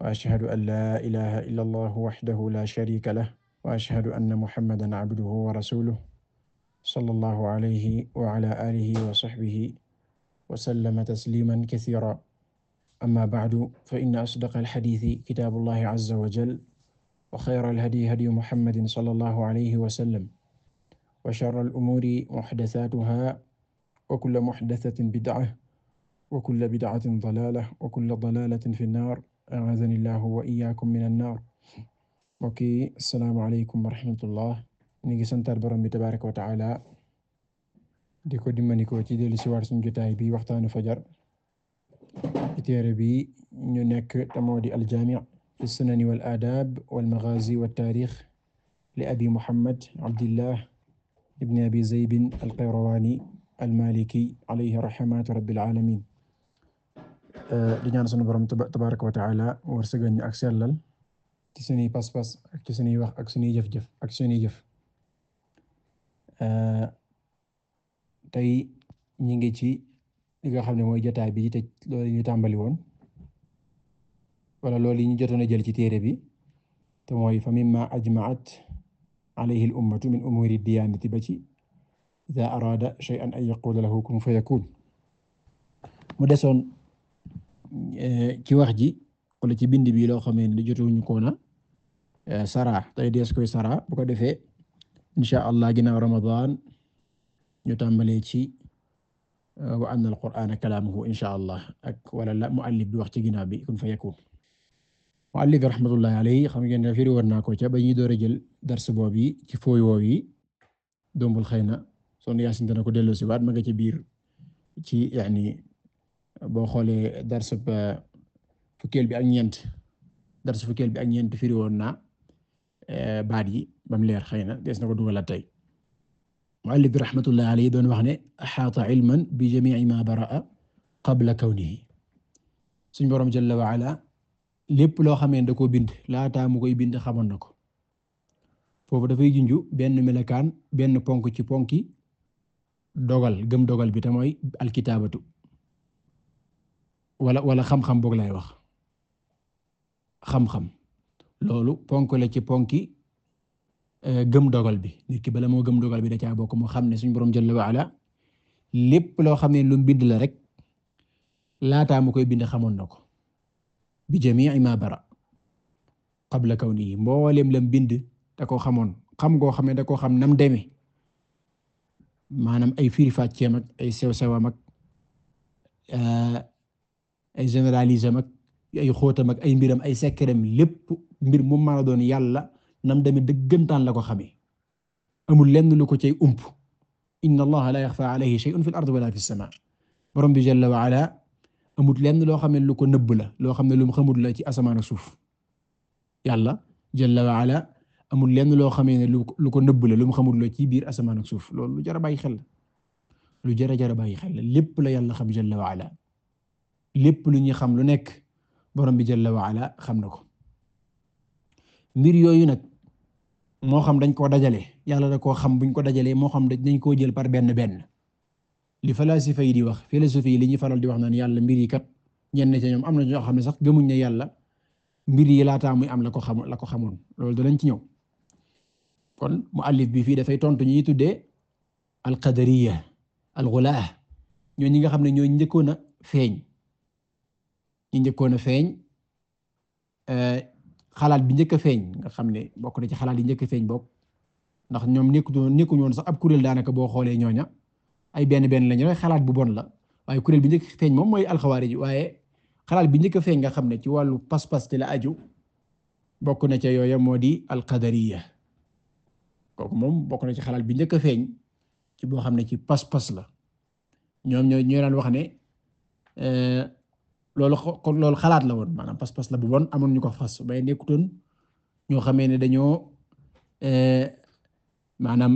wa ashhadu an laa ilaha illa allah waxdahu la sharika lah wa ashhadu anna muhammadan abduhu wa rasuluhu sallallahu alayhi wa ala alihi wa sahbihi wa sallama tasliman kasiira amma ba'du fa inna asdaqa alxadiisi kitaabullahi azza wa jal wa xayra alhadyi hadyu muhammadin sallallahu alayhi wa sallam wa sharra al-umuuri muxdasatuhaa wa kulla muxdasatin bid'a wa kulla bid'atin dalaala wa kulla dalaalatin fi nnaar a'aazani llahu wa iyyaakum mina naar mbokk yi asalaamaaleykum wa rahmatullah ñu ngi santaat borom bi tabaaraka wa taala di ko dimbali ko ci dellu si waat suñu jotaay bi waxtaanu fajar ci téere bi ñu nekk tamoo di aljaami' fi sunani wal aadaab wal maghaazi wat taariix li abi muhammad abdillah ibn abi zaybin al qayrawaani al maaliki alayhi rahmatu rabbil aalamiin di ñaan sunu borom tabaraka wa taala war sëgañ ak sellal ci sunuy pas-pas ak ci sunuy wax ak sunuy jëf-jëf ak sunuy jëf tey ñi ngi ci li nga xam ne mooy jotaay bi te loolu ñu tàmbali woon wala loolu yi ñu jotoon a jël ci téere bi te mooy fa mimma ajmaat alayhi al ummatu min umuri diyanati ba ci ida arada shay'an an yaqula lahu kun fayakun mu desoon Eh, ci wax ji la ci bind bi loo xamee ne jotuñu koona eh, sara tey dees koy sara bu ko defee insha allah ginnaaw ramadan ñu tàmbalee ci eh, wa anna alqur'ana kalaamuhu insha allah ak wala la bi wax ci ginnaaw bi kun fa yakun muallif rahmatullahi alayhi xam ngeen ne firi war ko ca ba ñuy door a jël dars boobu yi ci fooy woow yi dombul xëy na son yaasin dana ko delloo si waat ma nga ci biir ci yani boo xoolee darsu fukkeel bi ak ñeent darsu fukkeel bi ak ñeent firi na eh, baat yi ba mu leer xëy na des na ko dugalaat tey muallif bi rahmatullah alayhi doon wax ne axaata ilman bi jami'i ma baraa qabla kawnihi suñ borom lépp loo xamee da koo bind laataa mu koy bind xamoon na ko foofu dafay junju benn melakaan benn ponk ci ponki dogal gëm dogal bi te mooy alkitaabatu wala wala xam-xam boog lay wax xam-xam loolu ponk la ci ponki euh, gëm dogal bi nit ki bala moo gëm dogal bi da caa bokk xam ne suñu borom jalla wa ala lépp loo xam ne lu bind la rek laataa mu koy bind xamoon na ko bi jamii ma bara qabla kawnihi mboolem lam bind da ko xamoon xam goo xam ne da koo xam nam deme maanaam ay firi fàcceem ak ay sew sewa ak euh, ay généralisme ak ay xóotam ak ay mbiram ay sekkeram lépp mbir mu mën doon yàlla nam demee dëggantaan la ko xamee amul lenn lu ko cay ump inna allaha la yaxfa alayhi shay'un fil ardi wala fis samaa borom bi jalla wa ala amul lenn loo xam ne lu ko nëbb la loo xam ne lu mu xamul la ci asamaan ak suuf yàlla jalla wa ala loo xamee ne lu ko nëbb lu mu xamul ci biir asamaan ak suuf loolu lu jar a lu jar a jar a xel lépp la yàlla xam jalla wa lépp lu ñuy xam lu nekk borom bi jalla waala xam na ko mbir yooyu nag moo xam dañ koo dajale yàlla da koo xam buñ ko dajale moo xam dañ koo jël par benn benn li falasifa yi di wax philosophie yi li ñuy faral di wax naan yàlla mbir yi kat ñenn ci ñoom am na ñoo xam ne sax gëmuñ na yàlla mbir yi laataa muy am la ko xam la ko xamoon loolu danañ ci ñëw kon muallif bi fii dafay tontu ñuy tuddee alqadariya alxulaa ñoo ñi nga xam ne ñoo njëkkoon a feeñ ñi njëkkoon a feeñ eh, xalaat bi njëkk a feeñ nga xam ne bokk na ci xalaat yi njëkk a feeñ bokk ndax ñoom nekkuñu nekkuñu woon sax ab kuréel daanaka boo xoolee ñooña ay benn benn lañu rek xalaat bu bon la waaye kuréel bi njëkk feeñ moom mooy alxawaari ji waaye xalaat bi njëkk a feeñ nga xam ne ci wàllu pas la aju bokk na ca yooya moo di alqadariya kooku moom bokk na ci xalaat bi njëkk a feeñ ci boo xam ne ci pas-pas la ñoom ñoo ñoo wax ne eh, loolu kon loolu xalaat la woon maanaam pas-pas la bu bon amoon ñu ko fas bay nekkutoon ñoo xamee ne dañoo eh, maanaam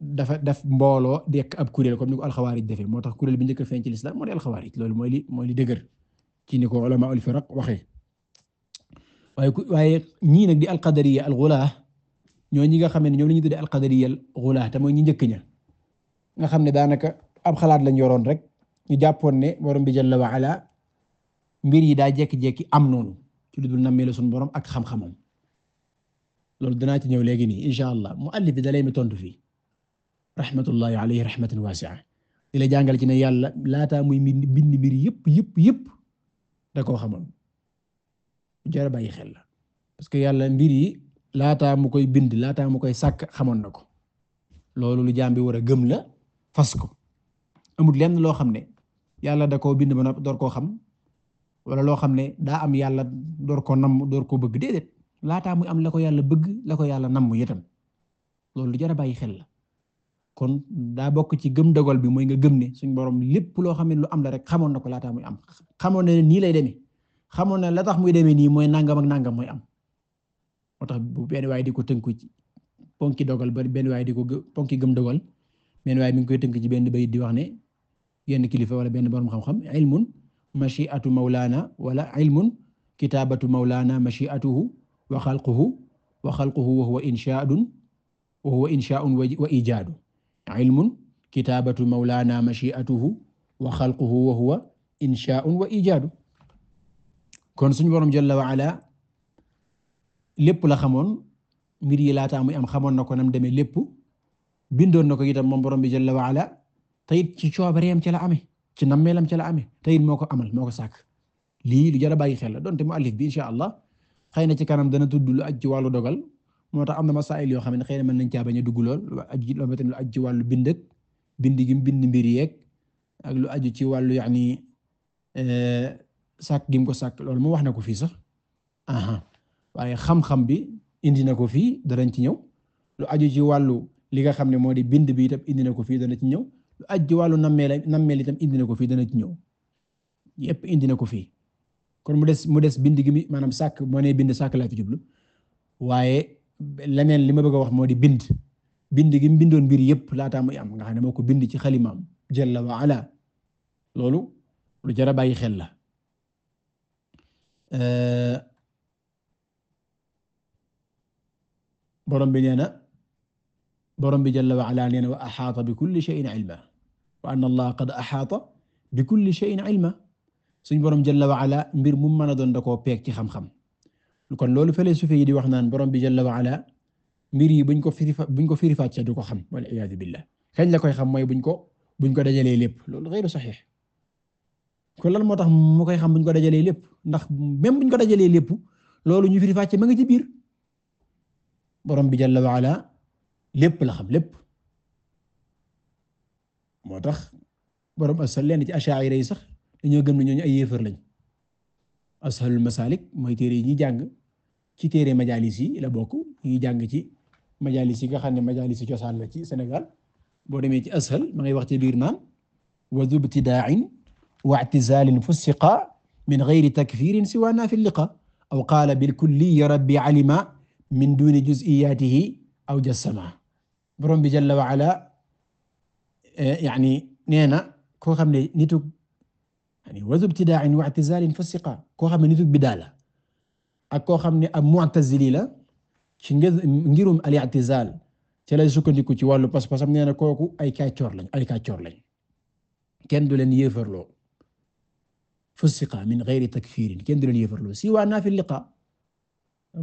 dafa def mbooloo dekk ab kuréel comme ni ko alxawaarij defee moo tax kuréel bi njëkk a feeñ ci lislaam moo di alxawaarij loolu mooy li mooy li dëgër ci ni ko ulama ul firaq waxee waaye waaye ñii nag di alqadariya alxulaa ñoo ñi nga xamee ne ñoom la ñuy tuddee alqadariya alxulaa te mooy ñi njëkk ña nga xam ne daanaka ab xalaat lañ yoroon rek ñu jàppoon ne borom bi jalla wa ala mbir yi daa jékki-jékki am noonu ci lu dul nammee la suñu borom ak xam-xamam loolu danaa ci ñëw léegi nii incha allah muallif bi da lay mi tontu fii rahmatullahi alayhi rahmatan waasi'a di jàngal ci ne yàlla laataa muy bind mbir yëpp yëpp yëpp koo xamoon jar a bàyyi xel parce que yàlla mbir yi laataa mu koy bind laataa mu koy sàkk xamoon na ko loolu lu jaam bi war a gëm la fas ko amul lenn loo xam ne yàlla da koo bind ba noppi door koo xam wala loo xam ne daa am yàlla door ko namm door ko bëgg de laataa muy am la ko yàlla bëgg la ko yàlla namm itam loolu lu jar bàyyi xel la kon daa bokk ci gëm dogal bi mooy nga gëm ne suñ borom lépp loo xam ne lu am la rek xamoon na ko laataa muy am xamoon na ne nii lay demee xamoon na la tax muy demee nii mooy nangam ak nangam mooy am moo tax bu benn waaye di ko tënku ci ponki dogal ba benn waaye di ko ponki gëm dogal benn waay mi ngi koy tënk ci benn ba di wax ne yenn kilifa wala benn borom xam-xam ilmun machiatu mawlaana wala ilmun wala mawlaana machiatuhu wa xalquhu wa xalquhu wa huwa inshaadun wa huwa inshaaun kon suñu borom jalla wa ala lépp la xamoon mbir yi laataa muy am xamoon na ko nam demee lépp bindoon na ko itam moom bi jalla wa ala te it ci coobareem ci ci nammeelam ci la amee te it moo ko amal moo ko sàkk lii lu jar bàyyi xel la donte mu alif bi insha allah xëy na ci kanam dana tudd lu aj ci wàllu dogal moo tax am na masaayil yoo xam ne xëy na mën nañ caa bañ a dugg lool lu aj loolu tamit lu wàllu bind ak bind gim bind mbir yeeg ak lu aju ci wàllu yaani eh, sàkk gi mu ko sàkk mu wax na ko fii sax waaye xam bi indi na ko fii danañ ci ñëw lu aju ci wàllu li nga xam ne moo di bind bi itam indi na ko fii dana ci ñëw aj wàllu nammeel nammeel itam indi na ko fii dana ci ñëw yëpp indi na ko fii kon mu des mu des bind gi mi maanaam sàkk moo nee bind sàkk laa ci jublu waaye leneen li ma bëgg a wax moo di bind bind gi mu bindoon mbir yëpp laataa muy am nga xam ne moo ko bind ci xalimam jalla wa ala loolu lu jar a bàyyi xel la borom bi nee na borom bi jalla wa ala nee na wa axaata bi kulli shay'in ilma wa anna allaha qad axaata bi kulli shay'in ilma suñ borom jalla wa ala mbir mu mën a doon da koo peeg ci xam-xam kon loolu fële su yi di wax naan borom bi jalla wa ala mbir yi buñ ko firi buñ ko firi fàccee du ko xam wal iyaadu billah xëy la koy xam mooy buñ ko buñ ko dajalee lépp loolu ghayru sahih kon lan moo tax mu koy xam buñ ko dajalee lépp ndax même buñ ko dajalee lépp loolu ñu firi fàccee ma nga ci biir borom bi jalla wa ala lépp la xam lépp moo tax borom asal lenn ci asha'ira yi sax dañoo gëm ne ñooñu a yéefar lañ asalul masalik mooy téere yi ñuy jàng ci téere majalis yi la bokk ñuy jàng ci majalis yi nga xam ne majalis cosaan la ci senegal boo demee ci ashal ma ngay wax ci biir naan wa zubtidaa'in wa i'tizaalin fussiqa min ghayri takfirin siwaana fi liqa aw qaala bilkulli rabbi alima min duuni juz'iyaatihi aw jassama borom bi jalla wa ala eh, yani nee na koo xam ne nitug yani wazu ibtidaa'in wa i'tizaalin fasiqa koo xam ne nitug bidaa la ak koo xam ne ab mu'tazili la ci ngirum al-i'tizaal ci lay sukkandiku ci wàllu pas-pasam nee na kooku ay kàccoor lañ ay kàccoor lañ kenn du leen yéefarloo fusiqa min ghayri takfirin kenn du leen yéefarloo si waa naa fi liqa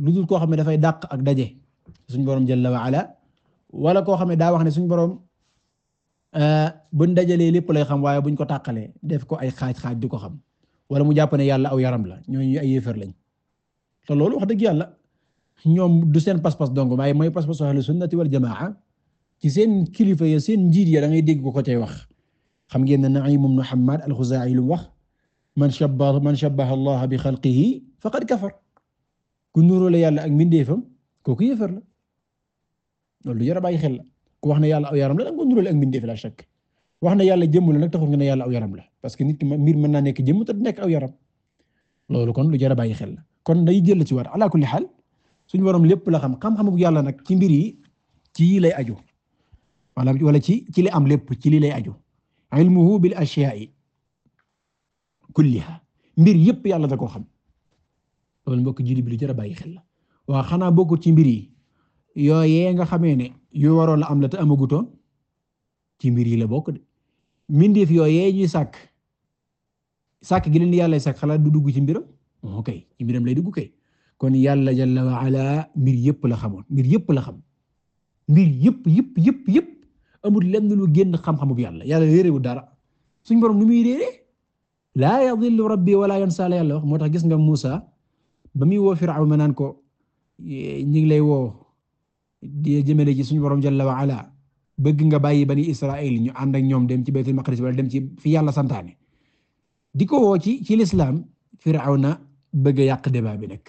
lu dul koo xam ne dafay dàq ak daje suñ borom jalla wa ala wala koo xam ne daa wax ne suñu borom euh, buñ dajalee lépp lay xam waaye buñ ko tàqalee def ko ay xaaj-xaaj di ko xam wala mu jàpp ne yàlla aw yaram la ñooñu ay yéefar lañ te loolu wax dëgg yàlla ñoom du seen pas-pas dong waaye mooy pas-pas ahlu sunnati wal jamaa ci seen kilifa ya seen njiit ya da ngay dégg ko ko tey wax xam ngeen ne Naïm ibn Hammad al-Khuzaa'i lu wax man shabbaha man shabbaha Allah bi xalqihi faqad kafar ku nuróole yàlla ak mbindeefam kooku yéefar la loolu lu jar a bàyyi xel wax na yàlla aw yaram la da nga ko ndural ak mbindeef la chaque wax ne yàlla jëmm la nag taxul nga ne yàlla la parce que nit ki mbir mën naa nekk jëmm te nekk loolu kon lu jar a bàyyi xel la kon day jël ci war ala kulli xaal suñu borom lépp la xam xam-xamu yàlla nag ci mbir yi ci yi lay aju maanaam wala ci ci li am lépp ci li lay aju ilmuhu bil ashyaa'i kulliha mbir yëpp yàlla da koo xam loolu mbokk julli bi lu jar a xel la xanaa bokkul ci mbir yi yooyee nga xamee ne yu waroon a am la te amagutoon ci mbir yi la bokk de mbindeef yooyee ñuy sàkk sàkk gi leen yàlla sàkk xalaat du dugg ci mbiram ok ci mbiram lay dugg kay kon yàlla jalla wa mbir yëpp la xamoon mbir yëpp la xam mbir yëpp yëpp yëpp yëpp amul lenn lu génn xam-xamu yàlla yàlla réeréwu dara suñ borom nu muy réeré laa yadillu rabbi wala yansa la yàlla moo tax gis nga Muusa ba muy woo Firawna naan ko ñi lay woo jëmale ci suñu borom jalla wa ala bëgg nga bàyyi bani Israël ñu ànd ak ñoom dem ci baytul maqdis wala dem ci fi yàlla santaane di ko woo ci ci lislaam Firawna bëgg a yàq bi nag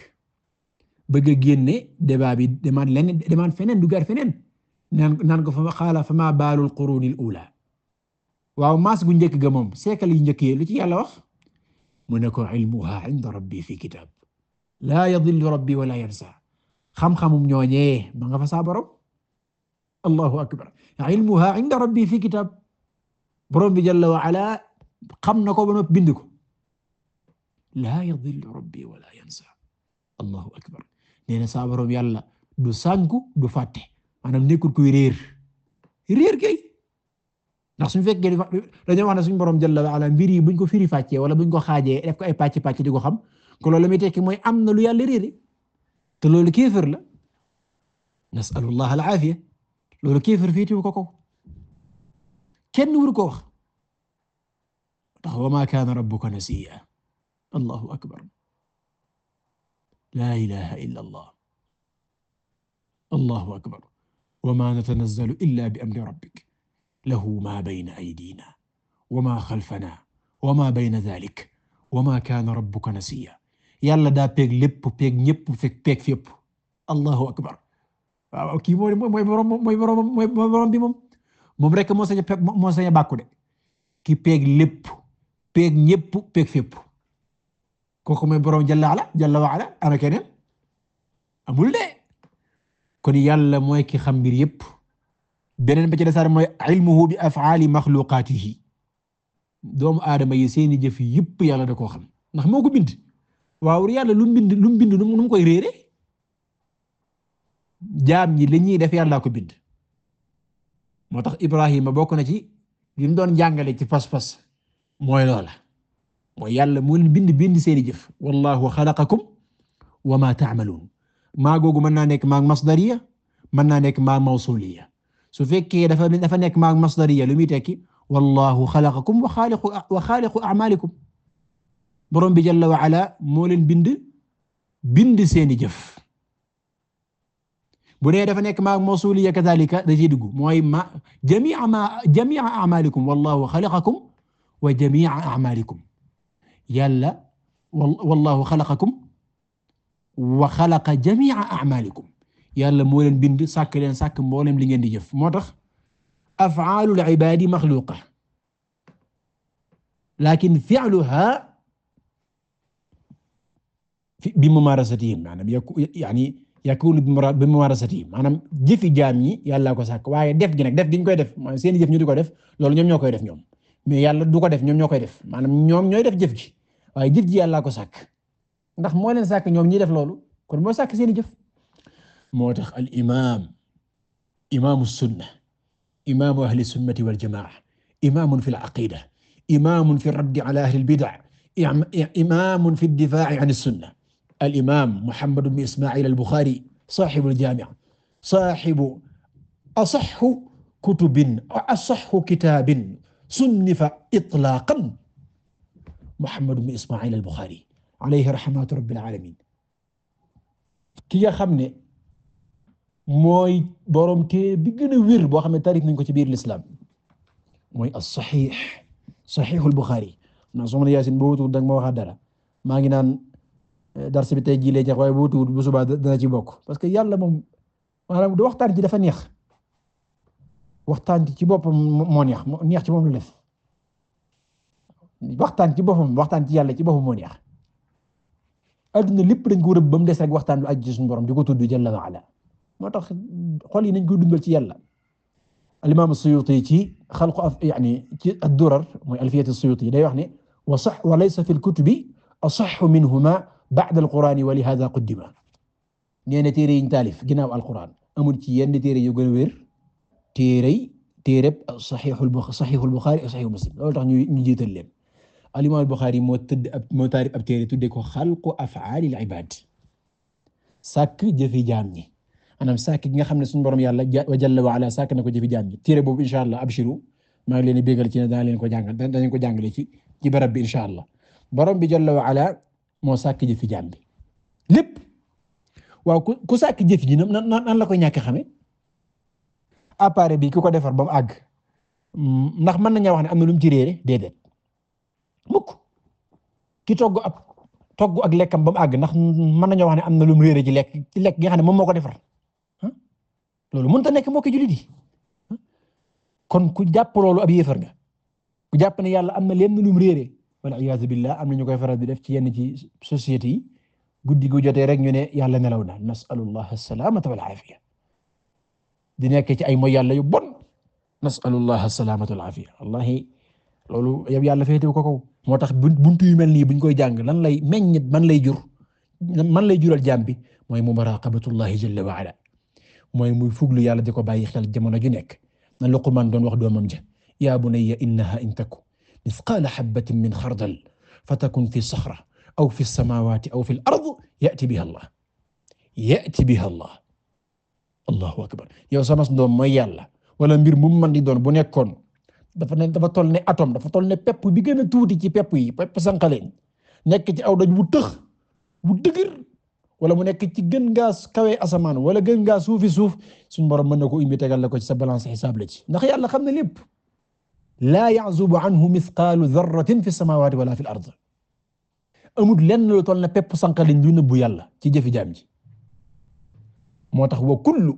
bëgg a génne débat bi demaat leneen demaat feneen dugaat feneen naan naan ko fa xaala fa maa baalul qurunil ula waaw maas gu njëkk ga moom seekal yu njëkk yi lu ci yàlla wax mu ne ko ilmuha inda rabbi fi kitab laa yadillu rabbi wala yansa xam-xamum ñooñee ma nga fa saa borom allahu akbar ilmuha inda rabbi fi kitab borom bi jalla wa ala xam na ko ba noppi bind ko laa yadillu rabbi wala yansa allahu akbar nee na saa borom yàlla du sànku du fàtte maanaam nekkul kuy réer réer kay ndax suñu fekkee dañoo wax borom jalla wa ala mbir yi buñ ko firi fàccee wala buñ ko xaajee def ko ay pàcc pàcc di ko xam ko loolu la muy tekki mooy am na lu yàlla réere te loolu kéefër la nasalullah alaafiya loolu kéefër féetewu ko kaw kenn wuru ko wax tax wa ma kaana rabbuka nasiya allahu akbar la ilaha illa allah allahu akbar wa ma natanazzalu illa bi amri rabbik lahu ma bayna aydina wa ma xalfana wa ma bayna dhalik wa ma kaana rabbuka nasiya yàlla daa peeg lépp peeg ñëpp fekk peeg fépp allahu akbar waaw kii mooy mooy borom mooy borom mooy borom bi moom moom rek moo sañ a a bàkku de ki peeg lépp peeg ñëpp peeg fépp kooku mooy borom jalla ala jalla wa ala keneen amul de kon yàlla mooy ki xam mbir yëpp beneen ba ci desaar mooy ilmuhu bi af'ali makhluqatihi doomu aadama yi seeni yëpp yàlla da koo xam ndax moo ko bind waaw yàlla lu mu bind lu mu bind nu mu koy réere jaam ñi li ñuy def yàllaa ko bind moo tax Ibrahima bokk na ci li mu doon jàngale ci pas-pas mooy loola mooy yàlla moo leen bind bind seeni jëf wallahu xalaqakum wa ma taamaluun maa googu mën naa nekk maag masdariya mën naa nekk maag mawsuliya su fekkee dafa dafa nekk maag masdariya lu muy tekki wallahu xalaqakum wa xaaliqu wa xaaliqu amalikum borom bi jalla wa ala moo leen bind bind seeni jëf bu dee dafa nekk ma mawsuliya kadhalika da ciy dugg mooy ma jami'a ma jami'a a'malikum wallahu xalaqakum wa jami'a a'malikum yàlla wallahu xalaqakum wa xalaqa jami'a a'malikum yàlla moo leen bind sàkk leen sàkk mboolem li ngeen di jëf moo tax af'aalul ibaadi maxluuqa laakin fi'luhaa bimamaarasatihim maanaam yani yakunu bimamaarasatihim maanaam jëfi jaam ñi yàllaa ko sàkk waaye def gi nag def gi ñu koy def seen jëf ñu di ko def loolu ñoom ñoo koy def ñoom mais yàlla du ko def ñoom ñoo koy def maanaam ñoom ñooy def jëf gi waaye jëf ji yàllaa ko sàkk ndax moo leen sàkk ñoom ñiy def loolu kon moo sàkk seen i jëf moo tax al imaam imaamu sunna imaamu ahli sunnati wal jamaa imaamun fi l aqida imaamun fi raddi ala ahli al bida imaamun fi ddifaa'i an sunna al imaam Muhammad ibn Isma'il al Bukhari saaxibu al jaami' saaxibu asaxu kutubin asaxu kitaabin sunnifa itlaaqan Muhammad ibn Isma'il al Bukhari alayhi rahmatu rabbil aalamiin ki nga xam ne mooy borom téere bi gën a wér boo xam ne taarif nañ ko ci biir lislaam mooy as-saxiix saxiixul Bukhari naa soxna Yaasin boo wutul danga ma waxaat dara maa ngi naan. Eh, darsi bi tey jii lay jeex waaye bu tuut bu subaa dana ci bokk parce que yàlla moom maanaam du waxtaan ji dafa neex waxtaan ci boppam moo neex moo neex ci moom lu def waxtaan ci boppam waxtaan ci yàlla ci boppam moo neex adduna lépp dañ ko rëbb ba mu des rek waxtaan lu aju ci suñu borom di ko tudd jalla wa ala moo tax xol yi nañ ko dundal ci yàlla al-imaam as-Suyuuti ci xalqu af yaani ci ad-Durar mooy alfiyat as-Suyuuti day wax ne wa sax wa laysa fi al-kutubi asahhu minhuma ba'da alquraan wa li haaza quddima nee na téere yiñ taalif ginnaaw alquraan amul ci yenn téere yu gën a wér téere téereb saxiixul buxaari ak saxiixu muslim loolu tax ñu jiital leen al imaam al buxaari moo tëdd ab moo taarif ab téere tuddee ko xalqu af'aalil ibaad sàkk jëfi jaam ñi maanaam sàkk gi nga xam ne suñu borom yàlla wa jalla wa ala sàkk na ko jëfi jaam ñi téere boobu incha allah abshiru maa ngi leen di bégal ci ne dana leen ko jàngal danañ ko jàngale ci ci barab bi incha allah borom bi jalla wa ala moo sàkk jëfi jaam bi lépp waaw ku ku sàkk jëf ji nan nan la ko ñàkk xame appareil bi ki ko defar ba mu àgg ndax mën nañoo wax ne am na lu ci réere déedéet mukk ki togg ab togg ak lekkam ba mu àgg ndax mën nañoo wax ne am na lu mu réere ci lekk ci lekk nga xam ne moom moo ko defar loolu mënut a nekk moo ko jullit kon ku jàpp loolu ab yéefar nga ku jàpp ne yàlla am na lenn lu mu réere wal iyaazu billah am na ñu koy faral di def ci yenn ci société yi guddi gu jotee rek ñu ne yàlla nelaw na nasalullah asalaamata wal aafiya di nekk ci ay mooy yàlla yu bon nasalullah asalaamata wal aafiya wallahi loolu yow yàlla féetewu ko kaw moo tax buntu yu mel nii buñ koy jàng lan lay meññit man lay jur man lay jural jaam mooy mu muraqabatullahi jalla wa ala mooy muy fuglu yàlla di ko bàyyi xel jamono ju nekk na Luqmaan doon wax doomam ja yaa bunayya innaha in taku مثقال حبة من خردل فتكن في الصخرة أو في السماوات أو في الأرض يأتي بها الله yati biha allah allahu akbar yow sama doom mooy yàlla wala mbir mu man di doon bu nekkoon dafa ne dafa toll ne atome dafa toll ne pepp bi gën a tuuti ci pepp yi pepp sànqaleñ nekk ci aw doj bu tëx bu dëgër wala mu nekk ci gën ngaa kawee asamaan wala gën ngaa suufi suuf suñ borom mën na ko imbi tegal la ko ci sa balance xisaab la ci ndax yàlla xam ne lépp laa ya'zubu anhu mithqaalu dharratin fi samaawaati wala fil ard amul lenn lu toll na pepp sànqaliñ lu nëbbu yàlla ci jëfi jaam ji moo tax wa kullu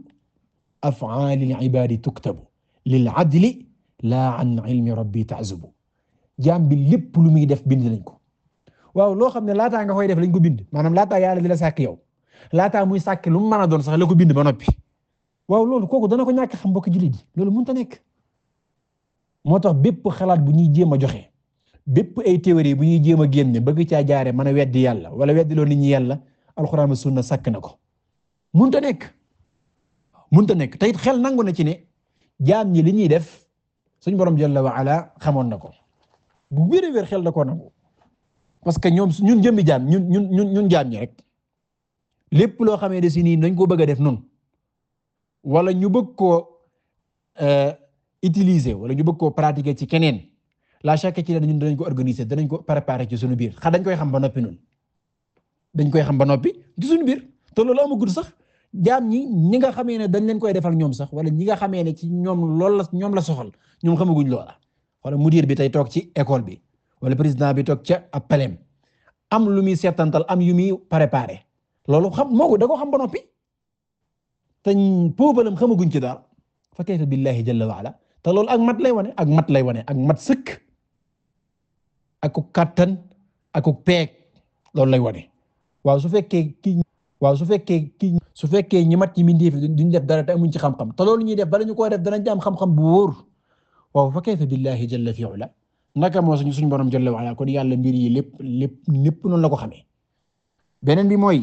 af'aali al-ibaadi tuktabu lil adli laa an ilmi rabbi ta'zubu jaam bi lépp lu muy def bind nañ ko waaw loo xam ne laataa nga koy def lañ ko bind maanaam laataa yàlla di la sàkk yow laataa muy sàkk lu mu mën a doon sax la ko bind ba noppi waaw loolu kooku dana ko ñàkk xam mbokk jullit yi loolu mënta nekk. moo tax bépp xalaat bu ñuy jéem a joxe bépp ay théorie bu ñuy jéem a génne bëgg caa jaare mën a weddi yàlla wala weddi loo nit ñi yàlla alxuraan ak sunna sakk na ko ta nekk munta nekk te xel nangu na ci ne jaam ñi li ñuy def suñ borom jalla wa ala xamoon na ko bu wér wér xel da koo nangu parce que ñoom ñun jëmmi jaam ñun ñun ñun ñun jaam ñi rek lépp loo xamee ne si nii dañ ko bëgg a def noonu walla ñu bëgg koo euh, utiliser wala ñu bëgg koo pratiquer ci keneen la chaque ci ñun danañ ko organiser danañ ko préparer ci suñu biir xa dañ koy xam ba noppi noonu dañ koy xam ba noppi ci suñu biir te loolu amagul sax jaam ñi ñi nga xamee ne dañ leen koy defal ñoom sax wala ñi nga xamee ne ci ñoom loolu la ñoom la soxal ñoom xamaguñ loola wala mudir bi tey toog ci école bi wala président bi toog ca ab palem am lu muy seetantal am yu muy préparer loolu xam moo ko ko xam ba noppi te poobalam xamaguñ ci daal fa kayfa billahi jalla wa ala te loolu ak mat lay wane ak mat lay wane ak mat sëkk aku kàttan aku peeg loolu lay wane waaw su fekkee ki waaw su fekkee ki su fekkee ñi mat ñi mindeefi duñ def dara te amuñ ci xam-xam te loolu ñuy def bala ñu koy def danañ ci am xam-xam bu wóor waaw fa kayfa billahi jalla fi ula naka moo suñu suñu borom jalla wala kon yàlla mbir yi lépp lépp lépp noonu la ko xamee bi mooy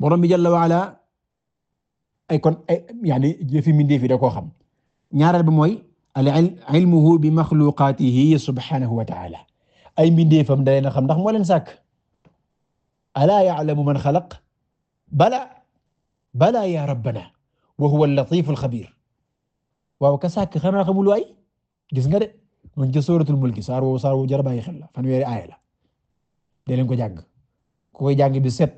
borom bi jalla ay kon ay yaani jëfi mindeefi da koo xam ñaareel bi mooy al ilmuhu bi maxluqaatihi subhanahu wa taala ay mbindeefam da leen a xam ndax moo leen sàkk alaa ya'lamu man xalaq bala bala ya rabbana wa huwa al-latifu al-xabir waaw ka sàkk xanaa xamul waay gis nga de mu ngi ci suuratul mulki saar woo saar woo jar a bàyyi xel la fanweeri aaya la dee leen ko jàng ku koy jàng bi set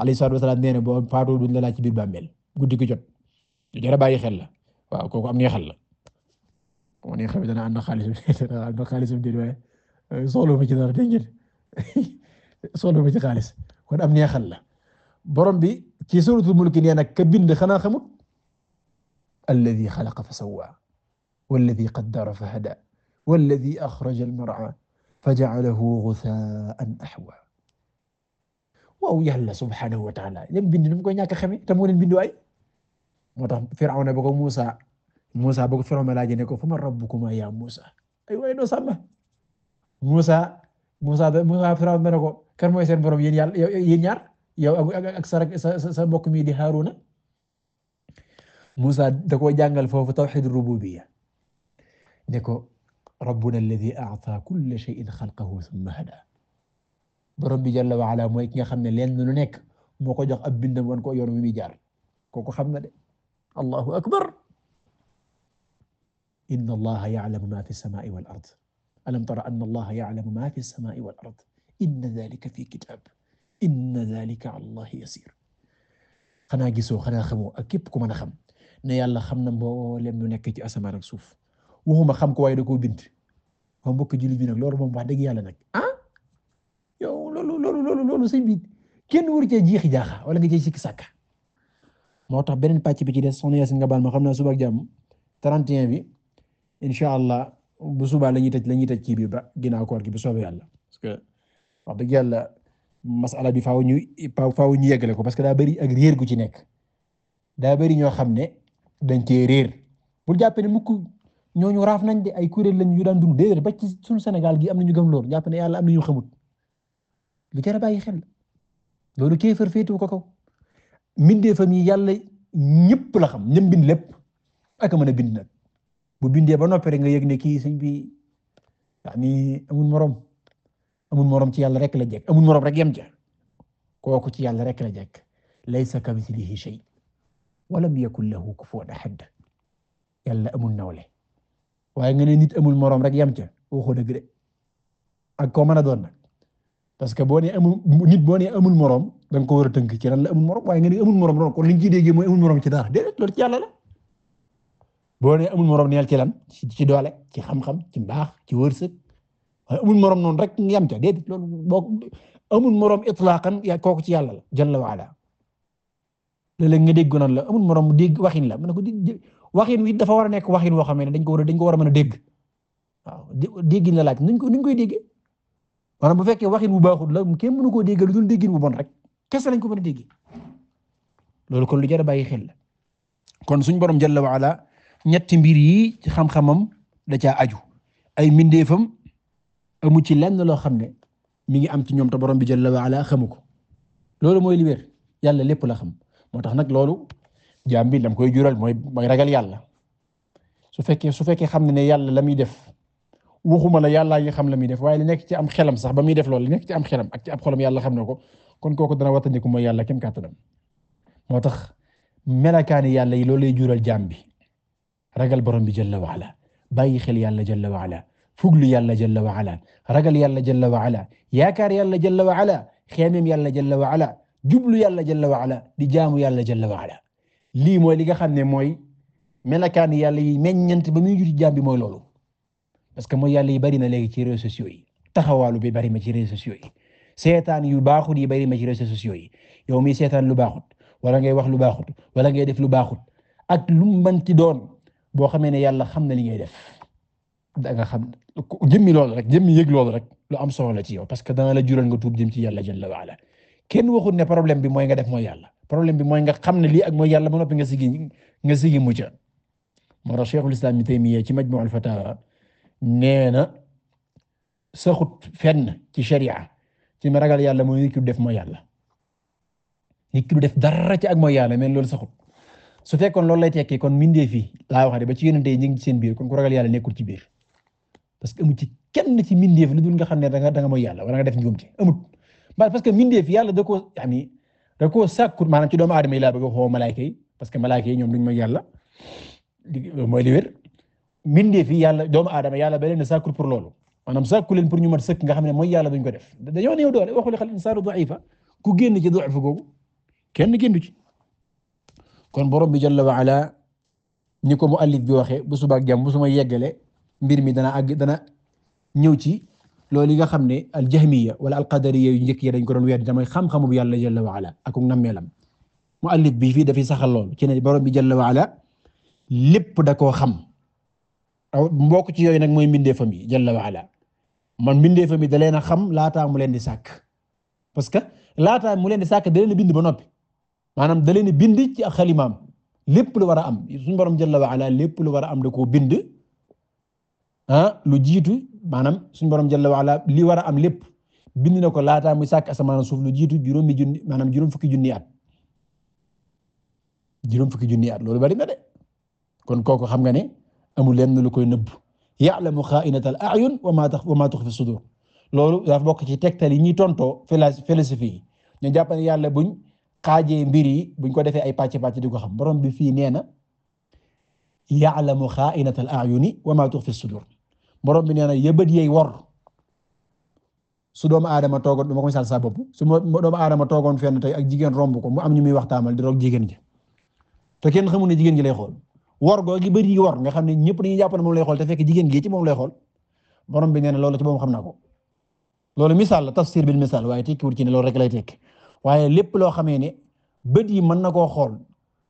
alayhi salaatu wasalaam nee na boo faatoo duñ la laaj ci biir bàmmeel guddi ko jot jar a bàyyi xel la waaw kooku am neexal la moo neexal bi dana ànd xaalis bi dana ànd xaalis bi déedéet waaye euh, soxla ma ci dara dégg ngeen soxla ma ci xaalis kon am neexal la borom bi ci suratul mulk nee nag ka bind xanaa xamut alladi xalaqa fa sawwa walladi qaddara fa hada walladi axraja almar'a fa ja'alahu ghutha'an ahwa waaw yàlla subhanahu wa ta'ala ñam bind nu mu koy ñàkk a xame te moo leen bind waay moo tax Firawna ba ko Musa Musa ba ko Firawna laaj ne ko fa ma rabbukuma ya Musa ay way no sàmma Musa Musa Musa Firawna ne ko kan mooy seen borom yéen yàlla yéen ñaar yow ak sa sa mbokk mi di Haruna Musa da ko jàngal foofu tawhid rububiyya ne ko rabbuna alladhi a'ta kulla shay'in khalqahu thumma hada borom bi jalla wa ala mooy ki nga xam ne leen lu nekk moo ko jox ab bindam wan ko yoon wi muy jaar kooku xam na de الله أكبر إن الله يعلم ما في السماء والأرض ألم تر أن الله يعلم ما في السماء والأرض إن ذلك في كتاب إن ذلك على الله يسير xanaa gisoo xanaa xamoo ak képp ku mën a xam ne yàlla xam na mboolem lu nekk ci asamaan ak suuf waxuma xam ko waaye da koo bind moom mbokk jullit bi nag loolu moom wax dëgg yàlla nag ah yow loolu loolu loolu loolu sëñ bi kenn waru cee jiixi jaaxa wala nga cee sikki sàkka moo tax beneen pàcc bi ci des soxna Yacine nga baal ma xam naa suba ak jàmm 31 bi incha allah bu subaa la ñuy tëj la ñuy tëj kii bi ba ginnaaw koor gi bu soobee yàlla parce que wax dëgg yàlla masala bi faaw ñu faaw ñu yeggale ko parce que daa bari ak réer gu ci nekk daa bari ñoo xam ne dañ cee réer bul jàppee ne mukk ñooñu raaf nañ de ay kuréel lañ yu daan dund déedéet ba ci suñu Sénégal gi am na ñu gëm loolu jàpp ne yàlla am na ñu xamut lu jar a bàyyi xel loolu kéefër féetu ko kaw mbindeefam yi yàlla ñëpp la xam ñëm bind lépp ak a mën a bind nag bu bindee ba noppi rek nga yëg ne kii sëñ bi yaani amul morom amul morom ci yàlla rek la jekk amul morom rek yem ja kooku ci yàlla rek la jekk laysa kamithlihi shay walam yakun lahu kufuwan ahad yàlla amul nawle waaye nga ne nit amul morom rek yem ca waxoo dëgg de ak koo mën a doon nag parce que boo nee amul amul morom da nga ko war a tënk ci lan la amul morom waaye nga ne amul morom lool kon liñ ciy déggee mooy amul morom ci dara déedéet loolu ci yàlla la boo nee amul morom neel ci lan ci doole ci xam-xam ci mbaax ci wërsëg waaye amul morom noonu rek nga yam ca déedéet loolu boo amul morom itlaqan yaa kooku ci yàlla la jalla wa ala léeg-léeg nga dégg noonu la amul morom dégg waxin la mu wi dafa war a nekk waxin woo xamee ne dañ ko war a ko war a mën a dégg waaw déggin la laaj nuñ ko nuñ koy déggee maanaam bu fekkee waxin bu baaxul la ke mënu koo dégg lu dul déggin kese lañ ko mën a dégg loolu kon lu jar a bàyyi xel la kon suñ borom jalla wa ala ñetti mbir yi ci xam-xamam da caa aju ay mbindeefam amu ci lenn loo xam ne mi ngi am ci ñoom ta borom bi jalla wa ala xamu ko loolu mooy li wér yàlla lépp la xam moo tax nag loolu jaam bi lam koy jural mooy mooy ragal yàlla su fekkee su fekke xam ne ne yàlla la muy def waxuma la yàllaa yi xam la muy def waaye li nekk ci am xelam sax ba muy def loolu li nekk ci am xelam ak ci ab xolam yàlla xam na ko kon kooku dana wattandiku mooy yàlla kem kàttanam moo tax melakaani yàlla yi loolu lay jural jaam bi ragal borom bi jalla waala bàyyi xel yàlla jalla wala fuglu yàlla jalla waala ragal yàlla jalla waala yaakaar yàlla jalla waala xeemeem yàlla jalla waala jublu yàlla jalla waala di jaamu yàlla jalla waala lii mooy li nga xam ne mooy melakaani yàlla yi meññant ba muy juti jaam bi mooy loolu parce que mooy yàlla yi bari na léegi ci réseaux sociaux yi taxawaalu bi bari ma ci réseaux yi seetaan yu baaxut yi bari ma ci réseaux sociaux yi yow mi seetaan lu baaxut wala ngay wax lu baaxut wala ngay def lu baaxut ak lu mu mënti doon boo xamee ne yàlla xam na li ngay def da nga xam jëmmi loolu rek jëmmi yëg loolu rek lu am solo la ci yow parce que dana la jural nga tuub jëm ci yàlla jalla wa ala kenn waxut ne problème bi mooy nga def mooy yàlla problème bi mooy nga xam ne lii ak mooy yàlla ba noppi nga sigi nga sigi mucc moo tax Cheikhul Islam Ibn Taymiyya ci Majmu' al-Fatawa nee na saxut fenn ci sharia ci ma ragal yàlla mooy nit ki du def mooy yàlla nit ki du def dara ci ak mooy yàlla mais loolu saxul su fekkoon loolu lay tekki kon mindee fii laa waxee ba ci yonente yi ñu ngi ci seen biir kon ku ragal yàlla nekkul ci biir parce que amu ci kenn ci mindeef lu dul nga xam ne danga mooy yàlla wala def njuumte amut ba parce que mindeef yàlla da koo yaani da koo ci doomu aadama yi laa bëgg a xoo malaayka yi parce que malaayka yi ñoom duñ mooy yàlla mooy li wér mindeef yi yàlla doomu aadama yàlla ba maanaam sàkku leen pour ñu mat sëkk nga xam ne mooy yàlla duñ ko def dañoo néew doole waxu li xal insaanu da'ifa ku génn ci da'if googu kenn génn ci kon borom bi jalla wa ala ni ko muallif bi waxee bu suba ak jàmm bu suma yeggale mbir mi dana àgg dana ñëw ci loolu yi nga xam ne al jahmiya wala al qadariya yu njëkk yi dañ ko doon weer damay xam-xamu bu yàlla jalla wa ala ak nammeelam muallif bi fii dafay saxal loolu ci ne borom bi jalla wa ala lépp da koo xam mbokk ci yooyu nag mooy mbindeefam yi jalla wa ala man mbindeefam yi da leen a xam laata mu leen di sàkk parce que laataa mu leen di sàkk da leen bind ba noppi maanaam da leen bind ci ak xalimaam lépp lu war a am suñu borom jalla wa ala lépp lu war a am da bind ah lu jiitu maanaam suñu borom jalla wa ala li war a am lépp bind na ko laataa muy sàkk asamaan suuf lu jiitu juróomi junni maanaam juróom fukki junni at juróom fukki junni at loolu bari na de kon kooku xam nga ne amul lenn lu koy nëbb ya'lamu xaa'inatal a'yun wa maa wa maa tuxfi sudur loolu dafa bokk ci tegtal yi ñuy tontoo philosophie yi ñu jàpp ne yàlla buñ xaajee mbir yi buñ ko defee ay pàcc pàcc di ko xam borom bi fii nee na ya'lamu xaa'inatal a'yuni wa maa tuxfi sudur borom bi nee na yëbët yey wor su doomu aadama toogoon dama ko misaal sa bopp su doomu aadama toogoon fenn tey ak jigéen romb ko mu am ñu muy waxtaamal di roog jigéen ji te ken xamul ne jigéen ji lay xool. wor googi bëri yi wor nga xam ne ñëpp dañuy jàpp ne moom lay xool te fekk jigéen gi ci moom lay xool borom bi nee na loolu ci moom xam na ko loolu misaal la tafsir bil misaal waaye tekkiwul ci ne loolu rek lay tekki waaye lépp loo xamee ne bët yi mën na koo xool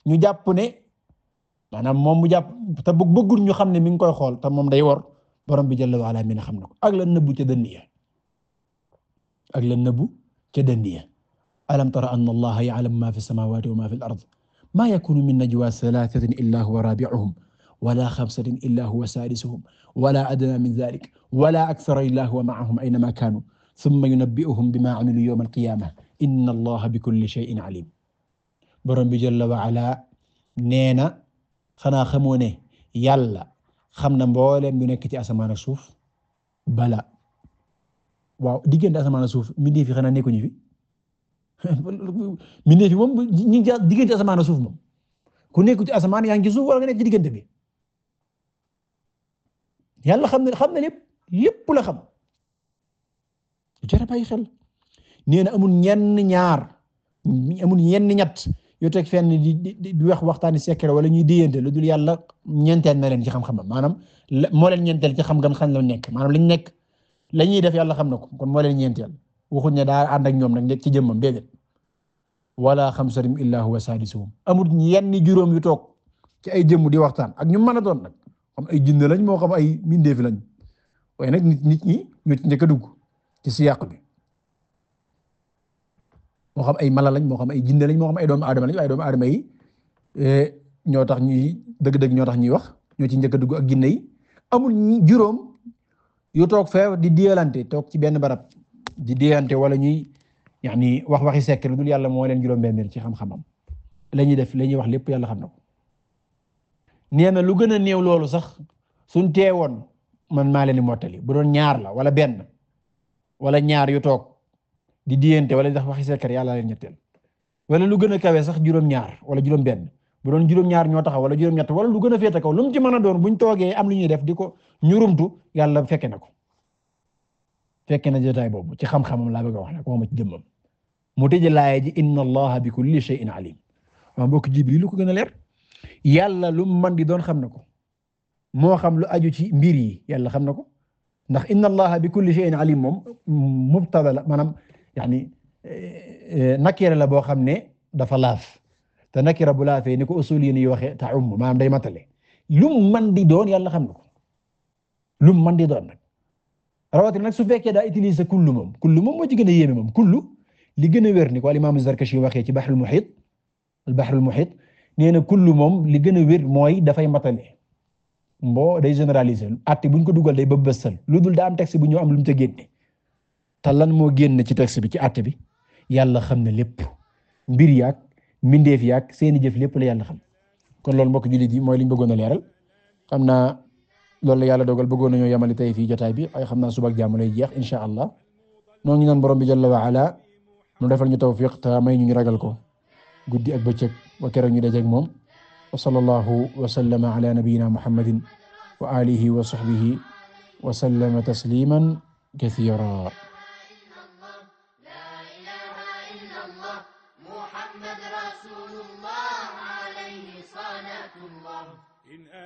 ñu jàpp ne maanaam moom mu jàpp te bëggul ñu xam ne mi ngi koy xool te moom day wor borom bi jalla waala mi ne xam na ko ak la nëbbu ca dënn ya ak la nëbbu ca dënn ya alam tara anna allaha ya'lamu ma fi samawati wa ma fi ard maa yakunu min najwa thalathatin illa huwa rabi'uhum wala xamsatin illa huwa saadisuhum wala adna min dhalik wala akthara illa huwa ma'ahum aynama kanu thumma yunabbi'uhum bima 'amilu yawm al-qiyamah inna allaha bikulli shay'in 'alim borom bi jalla wa ala nee na xanaa xamoo ne yàlla xam na mbooleem lu nekk ci asamaan ak suuf bala waaw diggante asamaan ak suuf mi di fi xanaa nekkuñu fi mbindeef yi moom ñi ngi diggante asamaan a suuf moom ku nekk ci asamaan yaa ngi ci suuf wala nga nekk ci bi yàlla xam ne xam na lépp yépp la xam jërë bàyyi xel na amul ñenn ñaar amul ñenn ñett yu teg fenn di di wax waxtaani secret wala ñuy déyante lu dul yàlla ñeenteel na leen ci xam-xamam maanaam moo leen ñeenteel ci xam-xam xam la nekk maanaam lañ nekk la ñuy def yàlla xam na ko kon moo leen ñeenteel waxuñ ne daa ànd ak ñoom nag ci jëmma déedéet xam xamsatim illa huwa saadisuhum amul yenni juróom yu toog ci ay jëmm di waxtaan ak ñu mën a doon nag xam ay jinne lañ moo xam ay mindeefi lañ waaye nag nit nit ñi njëkk a dugg ci siyàq bi moo xam ay mala lañ moo xam ay jinne lañ moo xam ay doomu aadama lañ waaye doomu aadama yi eh, ñoo tax ñuy dëgg-dëgg ñoo tax ñuy wax ñoo ci njëkk a dugg ak jinne yi amul juróom yu toog feew di diyalante toog ci benn barab di diyalante wala ñuy yaani wax waxi secret dul yàlla moo leen juróom-benneel ci xam-xamam la ñuy def la ñuy wax lépp yàlla xam na ko nee na lu gën a néew loolu sax suñ teewoon man maa leen di mottali bu doon ñaar la wala benn wala ñaar yu toog di diyante wala tax waxi secret yàlla leen ñetteel wala lu gën a kawe sax juróom-ñaar wala juróom-benn bu doon juróom-ñaar ñoo taxaw wala juróom-ñett wala lu gën a ko kaw lu mu ci mën a doon buñ toogee am lu ñuy def di ko ñurumtu yàlla fekke na ko fekke na jotaay boobu ci xam-xamam laa bëgg a mu tëj laaya ji inna allaha bi kulli shay'in alim waa mbokk jibril lu ko gën a leer yàlla lu man di doon xam na ko moo xam lu aju ci mbir yi yàlla xam na ko ndax inna allaha bi kulli shay'in alim moom mubtada la maanaam yaani eh, eh, nakira la boo xam ne dafa laaf te nakira bu laafee ni ko usul yi ni waxe ta um maanaam day matale lu man di doon yàlla xam na ko lu man di doon nag rawatina nag su fekkee daa utiliser kullu moom kullu moom moo ci gën a yéeme moom kullu li gën a wér ni ko al imaamu Zarkashi waxee ci baxrul muhit al baxrul muhit nee na kullu moom li gën a wér mooy dafay matale mbo day généraliser atte buñ ko dugal day ba bësal lu dul daa am texte bu ñëw am lu mu ca génne te lan moo génn ci texte bi ci atte bi yàlla xam ne lépp mbir yaak mbindeef yaak seeni jëf lépp la yàlla xam kon loolu mbokk jullit yi mooy liñ bëggoon a leeral xam naa loolu la yàlla dogal bëggoon nañoo yamali tey fii jotaay bi ay xam naa suba ak jàmm lay jeex insha mu defal ñu tawfiq te may ñu ñu ragal ko guddi ak bëccëg ba keroog ñu dajeeg moom wa sallallahu wa sallama ala nabiyyina muhammadin wa alihi wa sahbihi wa sallama tasliman kathira